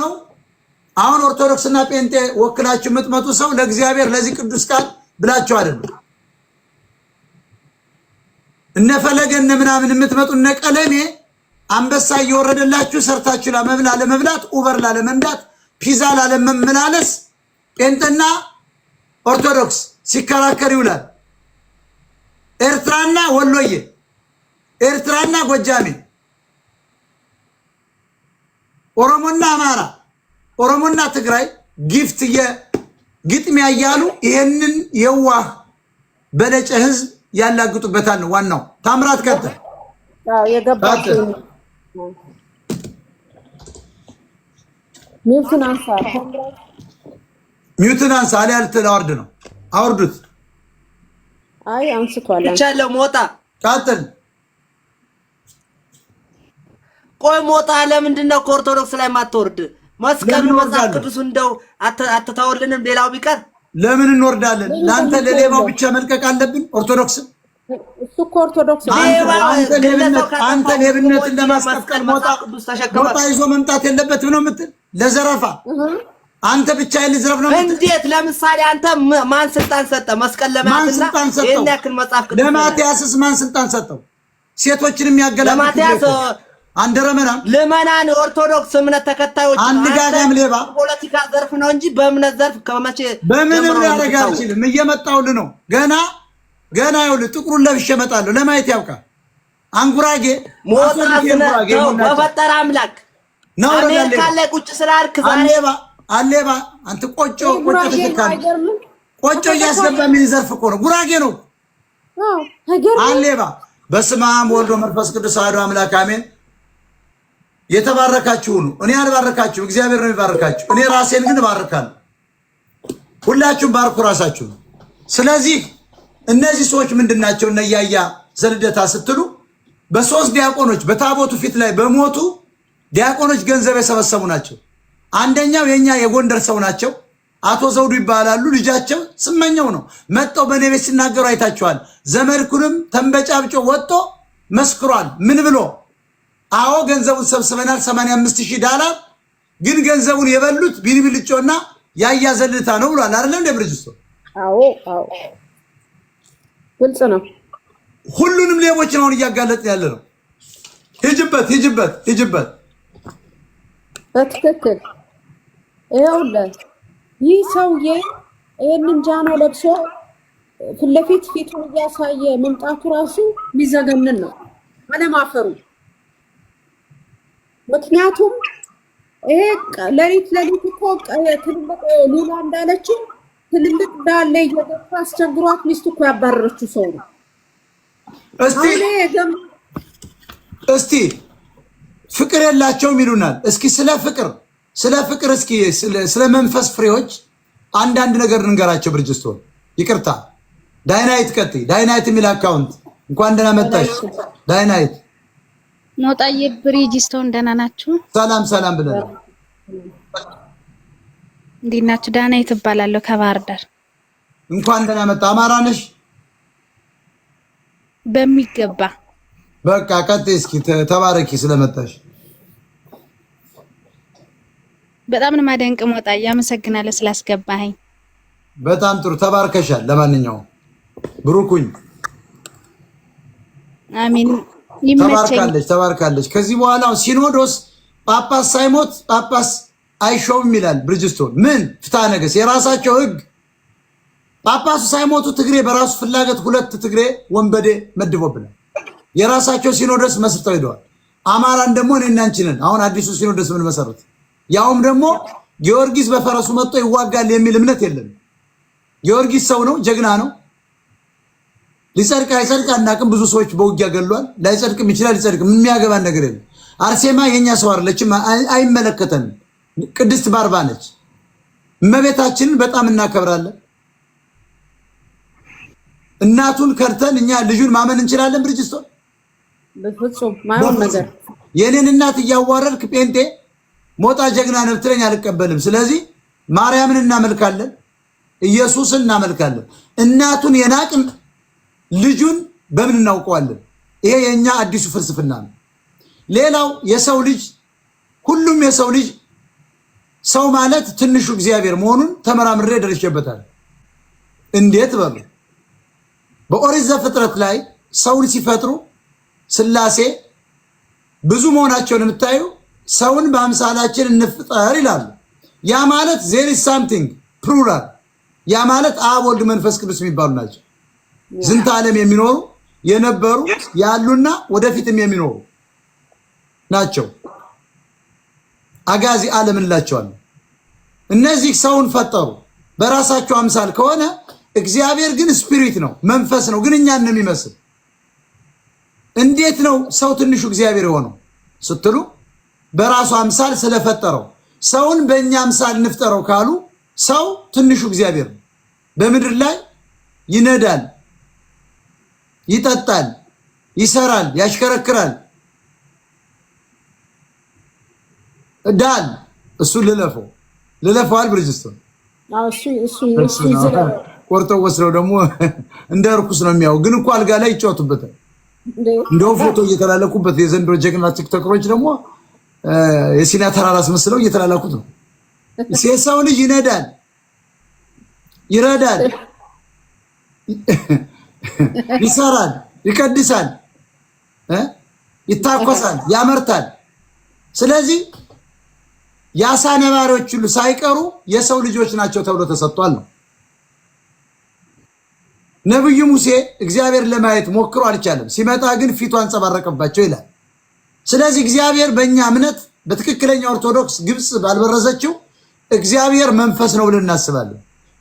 ነው። አሁን ኦርቶዶክስና ጴንጤ ወክላችሁ የምትመጡ ሰው ለእግዚአብሔር ለዚህ ቅዱስ ቃል ብላችሁ አይደለም። እነፈለገ እነ ምናምን የምትመጡ እነ ቀለሜ አንበሳ እየወረደላችሁ ሰርታችሁ ላመብላ ለመብላት ኡበር ላለመንዳት ፒዛ ላለመመላለስ ጴንጤና ኦርቶዶክስ ሲከራከር ይውላል። ኤርትራና ወሎዬ፣ ኤርትራና ጎጃሜ ኦሮሞና አማራ፣ ኦሮሞና ትግራይ ጊፍት ግጥሚያ እያሉ ይህንን የዋህ በለጨ ህዝብ ያላግጡበታል ነው ዋናው። ታምራት ከተ ሚውትን አንሳ አለ ያልትል አወርድ ነው አውርዱት። አይ አንስቷል። ቻለ ሞጣ ቀጥል ቆይ ሞታ ለምንድነው ከኦርቶዶክስ ላይ ማትወርድ? መስቀል መጽሐፍ ቅዱስ እንደው አትተውልንም? ሌላው ቢቀር ለምን እንወርዳለን? ለአንተ ለሌባው ብቻ መልቀቅ አለብን? ኦርቶዶክስ እሱ ኦርቶዶክስ አንተ ሌብነትን ለማስቀጠል ሞታ ሞታ ይዞ መምጣት የለበትም ነው የምትል ለዘረፋ አንተ ብቻ ልዝረፍ ነው እንዴት? ለምሳሌ አንተ ማን ስልጣን ሰጠ? መስቀል ለማያስና ይሄን ያክል መጽሐፍ ቅዱስ ለማትያስስ ማን ስልጣን ሰጠው? ሴቶችን የሚያገላምጥ አንደረመናም ልመናን ለመናን ኦርቶዶክስ እምነት ተከታዮች አንድ ሌባ ፖለቲካ ዘርፍ ነው እንጂ በእምነት ዘርፍ ከመቼ በምንም ሊያደርግ አልችልም። እየመጣሁልህ ነው። ገና ገና ይኸውልህ ጥቁሩን ለብሼ እመጣለሁ። ለማየት ያብቃ። አንጉራጌ በፈጠረ አምላክ ነው። አሜሪካ ላይ ቁጭ ስላልክ አሌባ አሌባ አንተ ቆጮ ቆጮ እያስገባ ምን ዘርፍ እኮ ነው? ጉራጌ ነው አሌባ። በስመ አብ ወልዶ መንፈስ ቅዱስ አሐዱ አምላክ አሜን። የተባረካችሁ እኔ አልባረካችሁም፣ እግዚአብሔር ነው የሚባረካችሁ። እኔ ራሴን ግን እባርካለሁ። ሁላችሁም ባርኩ ራሳችሁ። ስለዚህ እነዚህ ሰዎች ምንድን ናቸው? ዘልደታ ስትሉ በሶስት ዲያቆኖች በታቦቱ ፊት ላይ በሞቱ ዲያቆኖች ገንዘብ የሰበሰቡ ናቸው። አንደኛው የኛ የጎንደር ሰው ናቸው፣ አቶ ዘውዱ ይባላሉ። ልጃቸው ስመኘው ነው። መጠው በእኔ ቤት ሲናገሩ አይታችኋል። ዘመድኩንም ተንበጫብጮ ወጥቶ መስክሯል። ምን ብሎ አዎ ገንዘቡን ሰብስበናል፣ 85 ሺህ ዳላር ግን ገንዘቡን የበሉት ቢልብልጮና ያያ ዘልታ ነው ብሏል። አይደለም እንደ ብርጅስቶ? አዎ አዎ፣ ግልጽ ነው። ሁሉንም ሌቦች ነው እያጋለጥ ያለ ነው። ሂጅበት፣ ሂጅበት፣ ሂጅበት። በትክክል ይኸውልህ፣ ይህ ሰውዬ ይሄንን ጃኖ ለብሶ ፊት ለፊት ፊቱን እያሳየ መምጣቱ ራሱ ሚዘገንን ነው አለማፈሩ ምክንያቱም ይሄ ሌሊት ሌሊት እኮ ትልልቅ ሉላ እንዳለችው ትልልቅ ዳለ እየገባ አስቸግሯት ሚስቱ እኮ ያባረረችው ሰው ነው። እስቲ ፍቅር የላቸውም ይሉናል። እስኪ ስለ ፍቅር ስለ ፍቅር እስኪ ስለ መንፈስ ፍሬዎች አንዳንድ ነገር እንገራቸው። ብርጅስቶን ይቅርታ ዳይናይት ቀጥይ። ዳይናይት የሚል አካውንት እንኳን ደህና መጣሽ ዳይናይት ሞጣዬ ብሪጅ ስቶን ደህና ናችሁ? ሰላም ሰላም ብለን እንዴት ናችሁ? ዳናይት ትባላለሁ ከባህር ዳር። እንኳን ደህና መጣ። አማራ ነሽ? በሚገባ በቃ ቀጥይ እስኪ ተባረኪ ስለመጣሽ። በጣም ነው ማደንቅ ሞጣዬ፣ አመሰግናለሁ ስላስገባኸኝ። በጣም ጥሩ ተባርከሻል። ለማንኛውም ብሩኩኝ። አሚን ተባርካለች፣ ተባርካለች። ከዚህ በኋላ ሲኖዶስ ጳጳስ ሳይሞት ጳጳስ አይሾምም ይላል ብርጅስቶን። ምን ፍትሐ ነገሥት የራሳቸው ህግ ጳጳሱ ሳይሞቱ ትግሬ በራሱ ፍላጎት ሁለት ትግሬ ወንበዴ መድቦብናል። የራሳቸው ሲኖዶስ መስርተው ሄደዋል። አማራን ደግሞ እኔና አንቺ ነን። አሁን አዲሱ ሲኖዶስ ምን መሰረት፣ ያውም ደግሞ ጊዮርጊስ በፈረሱ መጥቶ ይዋጋል የሚል እምነት የለም። ጊዮርጊስ ሰው ነው፣ ጀግና ነው። ሊጸድቅ አይጸድቅ አናቅም። ብዙ ሰዎች በውጊያ ገሏል። ላይጸድቅም ይችላል፣ ሊጸድቅም የሚያገባን ነገር የለም። አርሴማ የኛ ሰው አይደለችም፣ አይመለከተንም። ቅድስት ባርባ ነች። እመቤታችንን በጣም እናከብራለን። እናቱን ከርተን እኛ ልጁን ማመን እንችላለን? ብርጅስቶ የኔን እናት እያዋረድክ ጴንጤ ሞጣ ጀግና ነህ ብትለኝ አልቀበልም። ስለዚህ ማርያምን እናመልካለን፣ ኢየሱስን እናመልካለን። እናቱን የናቅን ልጁን በምን እናውቀዋለን? ይሄ የእኛ አዲሱ ፍልስፍና ነው። ሌላው የሰው ልጅ ሁሉም የሰው ልጅ ሰው ማለት ትንሹ እግዚአብሔር መሆኑን ተመራምሬ ደርሼበታል። እንዴት በሉ በኦሪት ዘፍጥረት ላይ ሰውን ሲፈጥሩ ስላሴ ብዙ መሆናቸውን የምታዩ ሰውን በአምሳላችን እንፍጠር ይላሉ። ያ ማለት ዜሪ ሳምቲንግ ፕሉራል። ያ ማለት አብ፣ ወልድ፣ መንፈስ ቅዱስ የሚባሉ ናቸው። ዝንተ ዓለም የሚኖሩ የነበሩ ያሉና ወደፊትም የሚኖሩ ናቸው። አጋዚ ዓለም እንላቸዋለን። እነዚህ ሰውን ፈጠሩ በራሳቸው አምሳል ከሆነ እግዚአብሔር ግን ስፒሪት ነው፣ መንፈስ ነው፣ ግን እኛን ነው የሚመስል። እንዴት ነው ሰው ትንሹ እግዚአብሔር የሆነው ስትሉ በራሱ አምሳል ስለፈጠረው። ሰውን በእኛ አምሳል እንፍጠረው ካሉ ሰው ትንሹ እግዚአብሔር ነው። በምድር ላይ ይነዳል ይጠጣል፣ ይሰራል፣ ያሽከረክራል። ዳል እሱ ልለፈው ልለፈዋል። ብርጅስቶን ቆርጠው ወስደው ደግሞ እንደ እርኩስ ነው የሚያው። ግን እኮ አልጋ ላይ ይጫወቱበታል። እንደው ፎቶ እየተላለኩበት የዘንድሮ ጀግና ቲክቶከሮች ደግሞ የሲና ተራራ አስመስለው እየተላላኩት ነው። የሰው ልጅ ይነዳል፣ ይረዳል ይሰራል፣ ይቀድሳል፣ ይታኮሳል፣ ያመርታል። ስለዚህ የአሳ ነባሪዎች ሁሉ ሳይቀሩ የሰው ልጆች ናቸው ተብሎ ተሰጥቷል ነው። ነብዩ ሙሴ እግዚአብሔር ለማየት ሞክሮ አልቻለም። ሲመጣ ግን ፊቱ አንጸባረቀባቸው ይላል። ስለዚህ እግዚአብሔር በእኛ እምነት በትክክለኛ ኦርቶዶክስ ግብፅ ባልበረዘችው እግዚአብሔር መንፈስ ነው ብለን እናስባለን።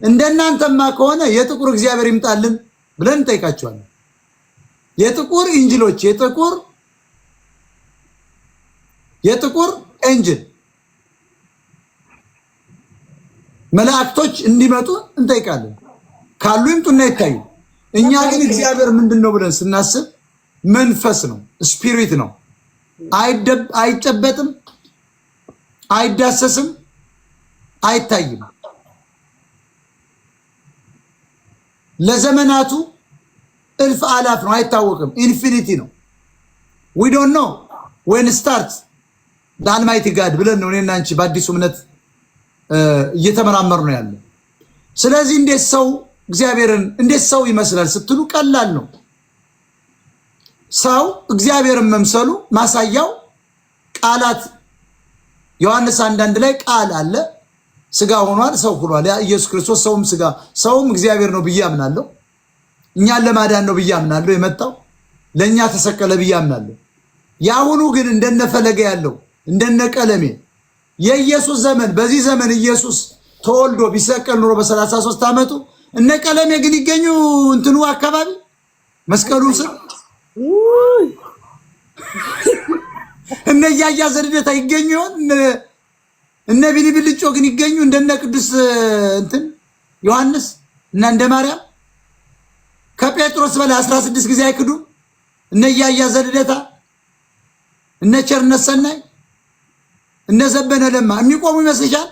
እንደናንተማ ከሆነ የጥቁር እግዚአብሔር ይምጣልን። ብለን እንጠይቃቸዋለን። የጥቁር ኢንጅሎች የጥቁር የጥቁር ኢንጅል መላእክቶች እንዲመጡ እንጠይቃለን። ካሉ ይምጡና ይታዩ። እኛ ግን እግዚአብሔር ምንድን ነው ብለን ስናስብ መንፈስ ነው፣ ስፒሪት ነው። አይጨበጥም፣ አይዳሰስም፣ አይታይም። ለዘመናቱ እልፍ አላፍ ነው፣ አይታወቅም። ኢንፊኒቲ ነው። ዊ ዶንት ኖ ዌን ስታርት ዳልማይቲ ጋድ ብለን ነው እኔና አንቺ በአዲሱ እምነት እየተመራመር ነው ያለ። ስለዚህ እንዴት ሰው እግዚአብሔርን እንዴት ሰው ይመስላል ስትሉ ቀላል ነው። ሰው እግዚአብሔርን መምሰሉ ማሳያው ቃላት ዮሐንስ አንዳንድ ላይ ቃል አለ ስጋ ሆኗል፣ ሰው ሆኗል። ያ ኢየሱስ ክርስቶስ ሰውም ስጋ ሰውም እግዚአብሔር ነው ብዬ አምናለሁ። እኛን ለማዳን ነው ብዬ አምናለሁ። የመጣው ለእኛ ተሰቀለ ብዬ አምናለሁ። የአሁኑ ግን እንደነፈለገ ያለው እንደነቀለሜ የኢየሱስ ዘመን በዚህ ዘመን ኢየሱስ ተወልዶ ቢሰቀል ኑሮ በሰላሳ ሶስት ዓመቱ እነ ቀለሜ ግን ይገኙ እንትኑ አካባቢ መስቀሉ ስር እነ እያያ ዘድደት አይገኙ ይሆን? እነ ቢሊብልጮ ግን ይገኙ እንደነ ቅዱስ እንትን ዮሐንስ እና እንደ ማርያም ከጴጥሮስ በላይ 16 ጊዜ አይክዱ። እነ እያያ ዘልደታ እነ ቸርነት ሰናይ እነ ዘበነ ለማ የሚቆሙ ይመስልሻል?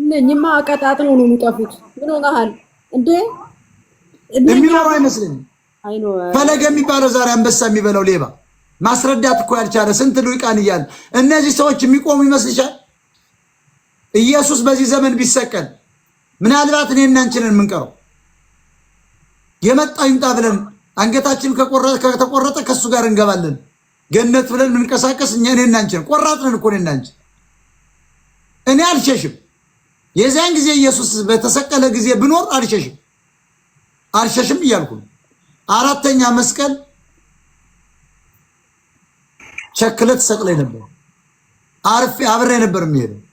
እነኝማ አቀጣጥ ነው የሚጠፉት። ምን ሆነሃል እንዴ? የሚኖረው አይመስልኝም። ፈለገ የሚባለው ዛሬ አንበሳ የሚበላው ሌባ ማስረዳት እኮ ያልቻለ ስንት ልቃን እያለ እነዚህ ሰዎች የሚቆሙ ይመስልሻል? ኢየሱስ በዚህ ዘመን ቢሰቀል ምናልባት እኔ እናንችንን የምንቀረው የመጣ ይምጣ ብለን አንገታችን ከተቆረጠ ከእሱ ጋር እንገባለን። ገነት ብለን የምንቀሳቀስ እኛ እኔ እናንችን ቆራጥንን እኮ እኔ እናንችን እኔ አልሸሽም። የዚያን ጊዜ ኢየሱስ በተሰቀለ ጊዜ ብኖር አልሸሽም አልሸሽም እያልኩ አራተኛ መስቀል ቸክለት ሰቅለኝ ነበር። አርፌ አብሬ ነበር የሚሄደው